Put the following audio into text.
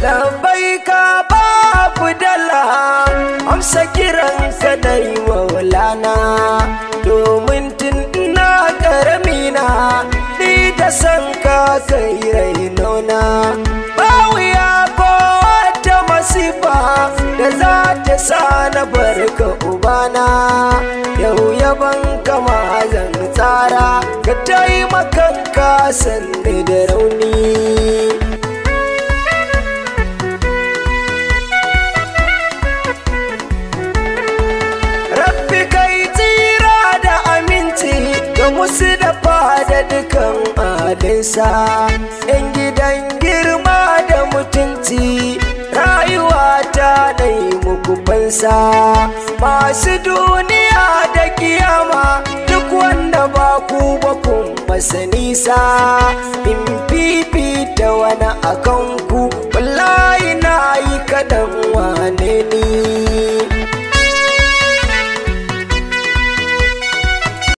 ka ba dala amsa kiransa ka dai maulana domin tun ina karamina ni da san ka kai rainona Bawu ya ko ta masifa da za ta sa na barka ubana yau yaban kama zan tsara ka taimaka ka san da rauni musu da fada dukan adinsa yan gidan girma da mutunci rayuwa ta ɗai fansa masu duniya da kiyama duk wanda ba ku ba kun masa nisa in da wani akan ku wallahi na yi kaɗan wane ni